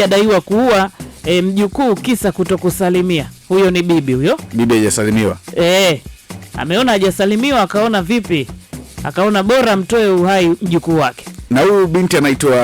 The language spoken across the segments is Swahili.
adaiwa kuua e, mjukuu kisa kutokusalimia. Huyo ni bibi huyo, bibi hajasalimiwa e, ameona hajasalimiwa, akaona vipi, akaona bora mtoe uhai mjukuu wake. Na huyu binti anaitwa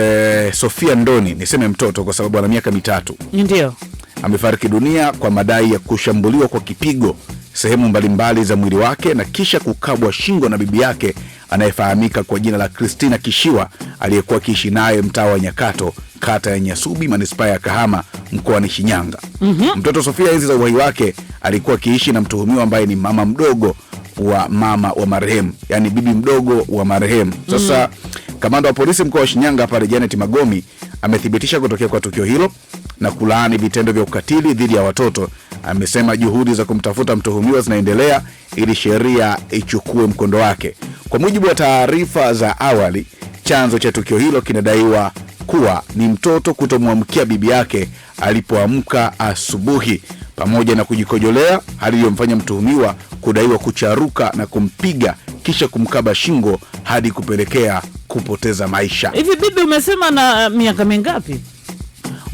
e, Sofia Ndoni, niseme mtoto kwa sababu ana miaka mitatu, ndio amefariki dunia kwa madai ya kushambuliwa kwa kipigo sehemu mbalimbali za mwili wake na kisha kukabwa shingo na bibi yake anayefahamika kwa jina la Kristina Kishiwa aliyekuwa akiishi naye mtaa wa Nyakato, kata ya Nyasubi, manispaa ya Kahama, mkoani Shinyanga. mm -hmm. Mtoto Sofia enzi za uhai wake alikuwa akiishi na mtuhumiwa ambaye ni mama mdogo wa mama wa marehemu, yani bibi mdogo wa marehemu. Mhm. Sasa mm. -hmm. kamanda wa polisi mkoa wa Shinyanga pale Janet Magomi amethibitisha kutokea kwa tukio hilo na kulaani vitendo vya ukatili dhidi ya watoto. Amesema juhudi za kumtafuta mtuhumiwa zinaendelea ili sheria ichukue mkondo wake. Kwa mujibu wa taarifa za awali, chanzo cha tukio hilo kinadaiwa kuwa ni mtoto kutomwamkia bibi yake alipoamka asubuhi pamoja na kujikojolea, hali iliyomfanya mtuhumiwa kudaiwa kucharuka na kumpiga kisha kumkaba shingo hadi kupelekea kupoteza maisha. Hivi bibi, umesema na miaka mingapi?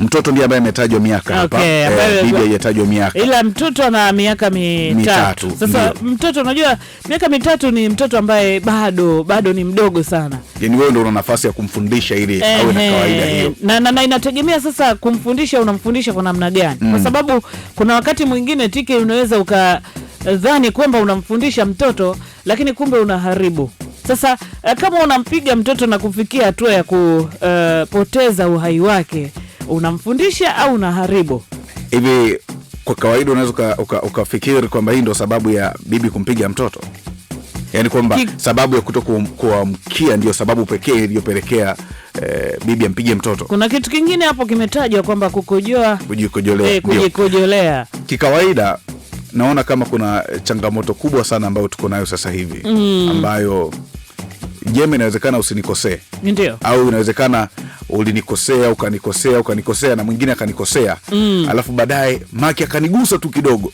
mtoto ndiye ambaye ametajwa miaka hapa, eh, bibi hajatajwa miaka, ila mtoto ana miaka mitatu. mi Sasa ndiyo. mtoto, unajua miaka mitatu ni mtoto ambaye bado bado ni mdogo sana, yani wewe ndio una nafasi ya kumfundisha ili eh, awe na eh, kawaida hiyo, na, na, na inategemea sasa kumfundisha, unamfundisha kwa namna gani? mm. kwa sababu kuna wakati mwingine tike unaweza ukadhani kwamba unamfundisha mtoto lakini kumbe unaharibu sasa kama unampiga mtoto na kufikia hatua ya kupoteza uhai wake, unamfundisha au unaharibu hivi? Kwa kawaida unaweza ukafikiri kwamba hii ndo sababu ya bibi kumpiga mtoto, yaani kwamba sababu ya kuto kuamkia ndio sababu pekee iliyopelekea e, bibi ampige mtoto. Kuna kitu kingine hapo kimetajwa kwamba kukojoa, kujikojolea, e, eh, kujikojolea. Kikawaida naona kama kuna eh, changamoto kubwa sana ambayo tuko nayo sasa hivi mm, ambayo jema, inawezekana usinikosee, ndio au inawezekana ulinikosea ukanikosea ukanikosea na mwingine akanikosea mm. Alafu baadaye Maki akanigusa tu kidogo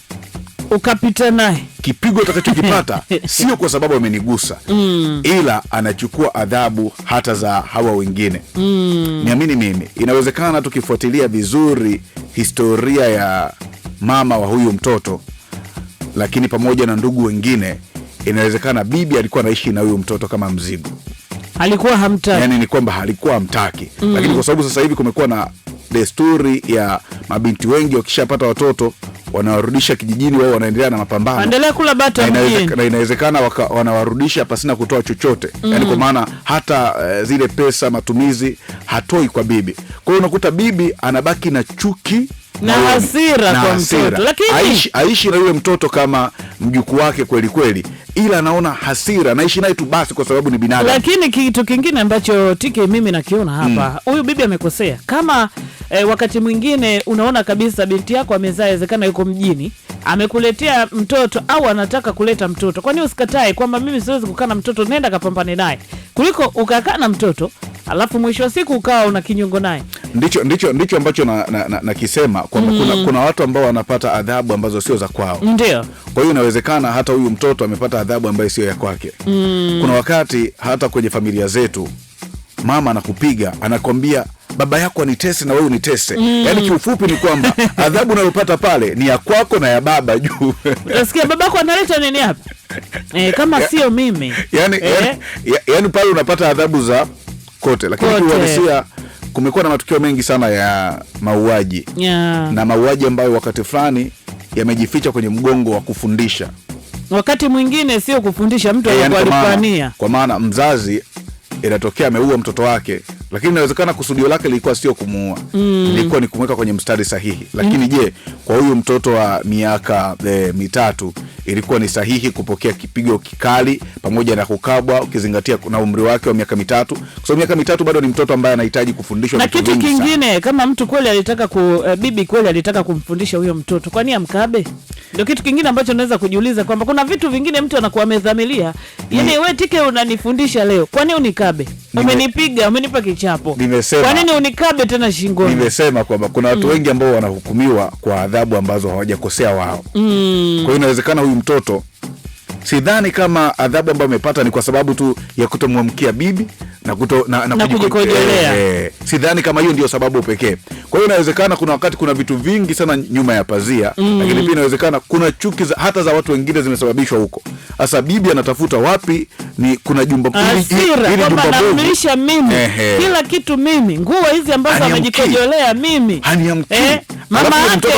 ukapita naye kipigo atakachokipata sio kwa sababu amenigusa mm. ila anachukua adhabu hata za hawa wengine mm. Niamini mimi, inawezekana tukifuatilia vizuri historia ya mama wa huyu mtoto, lakini pamoja na ndugu wengine, inawezekana bibi alikuwa anaishi na huyu mtoto kama mzigo alikuwa hamtaki. Yani ni kwamba alikuwa hamtaki mm. Lakini kwa sababu sasa hivi kumekuwa na desturi ya mabinti wengi wakishapata watoto wanawarudisha kijijini, wao wanaendelea na mapambano, endelea kula bata mjini, na inawezekana wanawarudisha pasina kutoa chochote yaani mm. Yani kwa maana hata e, zile pesa matumizi hatoi kwa bibi. Kwa hiyo unakuta bibi anabaki na chuki na hasira kwa mtoto, lakini aishi na yule mtoto kama mjukuu wake kweli kweli ila anaona hasira, naishi naye tu basi, kwa sababu ni binadamu. Lakini kitu kingine ambacho TK mimi nakiona hapa, mm. huyu mm. bibi amekosea kama E, wakati mwingine unaona kabisa binti yako amezaa, awezekana yuko mjini, amekuletea mtoto au anataka kuleta mtoto. Kwani usikatae kwamba mimi siwezi kukaa na mtoto, nenda kapambane naye, kuliko ukakaa na mtoto alafu mwisho wa siku ukawa una kinyongo naye ndicho, ndicho, ndicho ambacho nakisema na, na kwamba mm. kuna, mhm. kuna watu ambao wanapata adhabu ambazo sio za kwao. Ndio. Kwa hiyo inawezekana hata huyu mtoto amepata adhabu ambayo sio ya kwake mm. Kuna wakati hata kwenye familia zetu mama anakupiga anakwambia baba yako anitese na wewe unitese mm. Yaani kiufupi ni kwamba adhabu unayopata pale ni ya kwako na ya baba juu. Utasikia yako analeta nini hapa e, kama sio mimi yani, e? Eh? yani, yani yaani pale unapata adhabu za kote lakini kiuhalisia kumekuwa na matukio mengi sana ya mauaji yeah. na mauaji ambayo wakati fulani yamejificha kwenye mgongo wa kufundisha, wakati mwingine sio kufundisha, mtu eh, alipania. Kwa maana mzazi inatokea ameua mtoto wake lakini inawezekana kusudio lake lilikuwa sio kumuua mm. Lilikuwa ni kumweka kwenye mstari sahihi, lakini mm. Je, kwa huyu mtoto wa miaka e, mitatu ilikuwa ni sahihi kupokea kipigo kikali pamoja na kukabwa, ukizingatia na umri wake wa miaka mitatu, kwa sababu miaka mitatu bado ni mtoto ambaye anahitaji kufundishwa na kitu kingine sana. Kama mtu kweli alitaka ku, uh, bibi kweli alitaka kumfundisha huyo mtoto, kwani amkabe? Ndio kitu kingine ambacho naweza kujiuliza kwamba kuna vitu vingine mtu anakuwa amedhamilia, yaani wewe Tike unanifundisha leo, kwa nini unikabe? Umenipiga, umenipa kichapo, kwa nini unikabe tena shingoni? Nimesema kwamba kuna watu mm. wengi ambao wanahukumiwa kwa adhabu ambazo hawajakosea wao mm. kwa hiyo inawezekana huyu mtoto sidhani kama adhabu ambayo amepata ni kwa sababu tu ya kutomwamkia bibi na, kuto, na, na, na kujikojolea eh, eh, sidhani kama hiyo ndio sababu pekee. Kwa hiyo inawezekana kuna wakati kuna vitu vingi sana nyuma ya pazia mm. Lakini pia inawezekana kuna chuki za, hata za watu wengine zimesababishwa huko. Sasa bibi anatafuta wapi? Ni kuna jumba anamlisha mimi eh, eh, kila kitu mimi, nguo hizi ambazo amejikojolea mimi eh, mama yake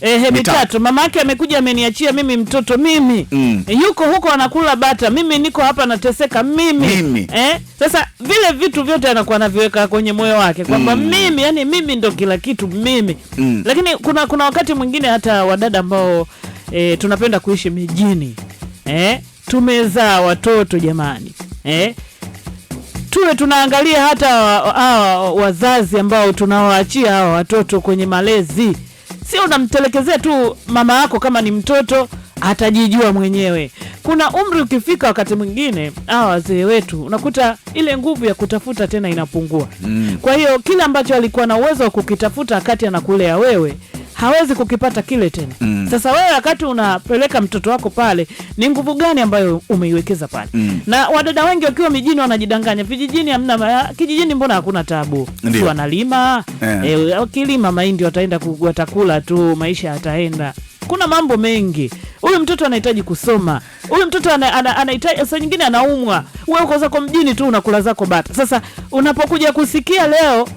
ehe, mitatu. Mama yake amekuja ameniachia mimi mtoto mimi mm. Eh, yuko huko anakula bata, mimi niko hapa nateseka mimi, mimi. Eh, sasa vile vitu vyote anakuwa anaviweka kwenye moyo wake kwamba mm. mimi yani mimi ndo kila kitu mimi mm. lakini kuna, kuna wakati mwingine hata wadada ambao eh, tunapenda kuishi mijini eh, tumezaa watoto jamani eh tuwe tunaangalia hata hawa wazazi ambao tunawaachia hawa watoto kwenye malezi, sio unamtelekezea tu mama yako. Kama ni mtoto atajijua mwenyewe. Kuna umri ukifika, wakati mwingine hawa wazee wetu unakuta ile nguvu ya kutafuta tena inapungua mm. Kwa hiyo kile ambacho alikuwa na uwezo wa kukitafuta wakati anakulea wewe hawezi kukipata kile tena mm. Sasa wewe wakati unapeleka mtoto wako pale, ni nguvu gani ambayo umeiwekeza pale mm. Na wadada wengi wakiwa mijini wanajidanganya, vijijini hamna, kijijini mbona hakuna tabu, si wanalima yeah. E, eh, wakilima mahindi wataenda watakula tu, maisha yataenda kuna mambo mengi. Huyu mtoto anahitaji kusoma, huyu mtoto anahitaji, saa nyingine anaumwa. we uko zako mjini tu unakula zako bata. Sasa unapokuja kusikia leo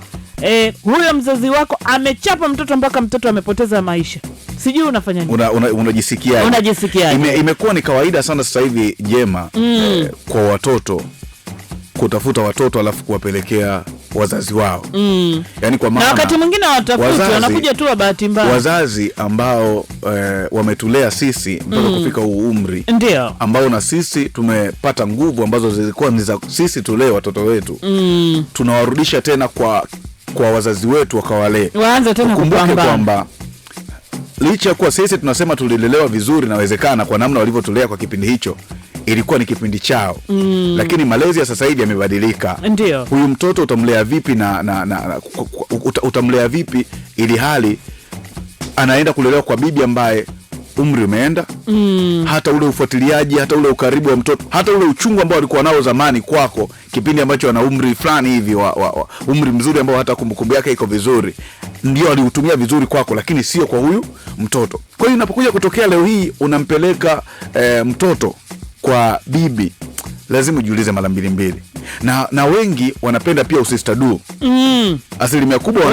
eh, huyo mzazi wako amechapa mtoto mpaka mtoto amepoteza maisha, sijui unafanya nini? Unajisikiaje? una, una unajisikiaje? Ime, imekuwa ni kawaida sana sasa hivi Jema, mm. eh, kwa watoto kutafuta watoto alafu kuwapelekea wazazi wao mm. Yani kwa maana na wakati mwingine hawatafuti, wanakuja tu bahati mbaya. Wazazi ambao e, wametulea sisi mpaka mm. kufika huu umri, ndio ambao na sisi tumepata nguvu ambazo zilikuwa ni za sisi tulee watoto wetu mm. tunawarudisha tena kwa kwa wazazi wetu wakawalee. Waanze tena kukumbuka kwamba licha ya kuwa sisi tunasema tulilelewa vizuri, nawezekana kwa namna walivyotulea kwa kipindi hicho ilikuwa ni kipindi chao mm. Lakini malezi ya sasa hivi yamebadilika. Ndio huyu mtoto utamlea vipi na, na, na utamlea vipi ili hali anaenda kulelewa kwa bibi ambaye umri umeenda mm. hata ule ufuatiliaji, hata ule ukaribu wa mtoto, hata ule uchungu ambao alikuwa nao zamani kwako, kipindi ambacho ana umri fulani hivi wa, wa, wa, umri mzuri ambao hata kumbukumbu yake iko vizuri, ndio aliutumia vizuri kwako, lakini sio kwa huyu mtoto. Kwa hiyo inapokuja kutokea leo hii unampeleka e, mtoto kwa bibi lazima ujiulize mara mbili mbili, na na wengi wanapenda pia usistadu mm. Asilimia kubwa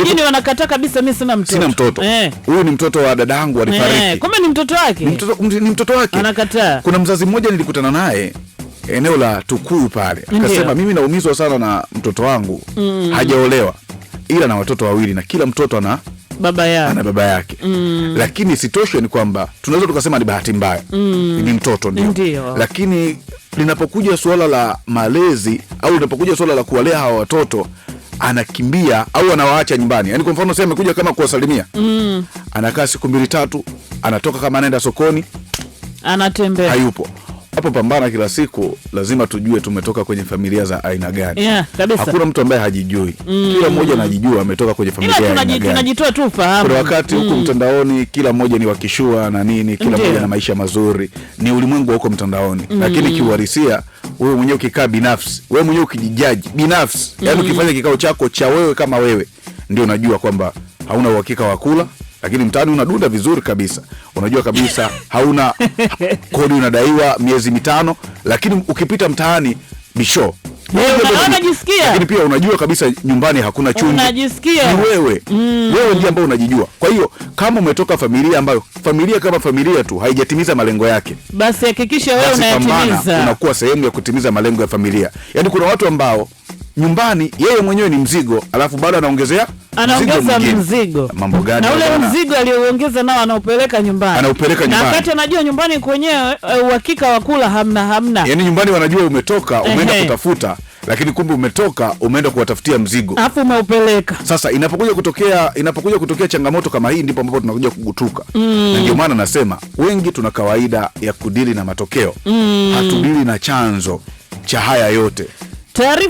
mjini wanakataa kabisa, sina mtoto, sina mtoto eh. huyu eh. Ni mtoto wa dadangu alifariki eh. ni mtoto wake, ni mtoto, ni mtoto wake anakataa. Kuna mzazi mmoja nilikutana naye eneo la Tukuyu pale akasema, mimi naumizwa sana na mtoto wangu mm. hajaolewa ila na watoto wawili na kila mtoto ana baba yake, ana baba yake. Mm. Lakini sitoshe ni kwamba tunaweza tukasema ni bahati mbaya mm. ni mtoto ndio, lakini linapokuja suala la malezi au linapokuja suala la kuwalea hawa watoto anakimbia au anawaacha nyumbani. Yani kwa mfano se amekuja kama kuwasalimia mm. anakaa siku mbili tatu, anatoka kama anaenda sokoni, anatembea hayupo hapo Pambana kila siku lazima tujue tumetoka kwenye familia za aina gani. Yeah, Hakuna mtu ambaye hajijui mm. Kila mmoja anajijua ametoka kwenye familia aina gani. Tunajitoa tu fahamu. Kuna wakati huko mm. mtandaoni kila mmoja ni wakishua na nini, kila mmoja na maisha mazuri, ni ulimwengu huko mtandaoni mm. Lakini kiuhalisia wewe mwenyewe ukikaa binafsi, wewe mwenyewe ukijijaji binafsi, yaani mm. ukifanya kikao chako cha wewe kama wewe, ndio unajua kwamba hauna uhakika wa kula lakini mtaani unadunda vizuri kabisa, unajua kabisa hauna kodi, unadaiwa miezi mitano, lakini ukipita mtaani bisho lakini pia unajua kabisa nyumbani hakuna chumvi, ni wewe mm. Wewe ambao unajijua. Kwa hiyo kama umetoka familia ambayo familia kama familia tu haijatimiza malengo yake, basi hakikisha wewe unayatimiza, unakuwa sehemu ya kutimiza malengo ya familia. Yaani kuna watu ambao nyumbani yeye mwenyewe ni mzigo, alafu bado anaongezea anaongeza mzigo. Mambo gani? Na ule mzigo aliyoongeza nao anaupeleka nyumbani, anaupeleka nyumbani, na wakati anajua nyumbani kwenyewe eh, uhakika wa kula hamna, hamna. Yani nyumbani wanajua umetoka umeenda Ehe. kutafuta lakini kumbe umetoka umeenda kuwatafutia mzigo alafu umeupeleka. Sasa inapokuja kutokea inapokuja kutokea changamoto kama hii, ndipo ambapo tunakuja kugutuka mm. na ndio maana nasema wengi tuna kawaida ya kudili na matokeo mm. hatudili na chanzo cha haya yote. Taarifa